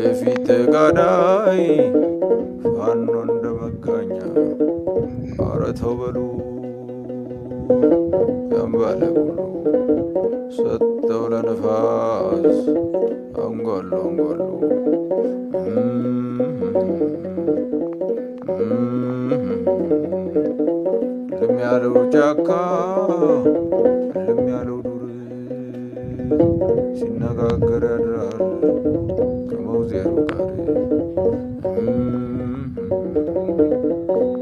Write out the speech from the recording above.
ለፊት ጋዳይ ፋኖ እንደ መጋኛ አረ በሉ ያምባለ ሁሉ ሰጠው ለነፋስ አንጓሉ አንጓሉ ልም ያለው ጫካ ልም ያለው ዱር ሲነጋገር ያድራል። Mm-hmm.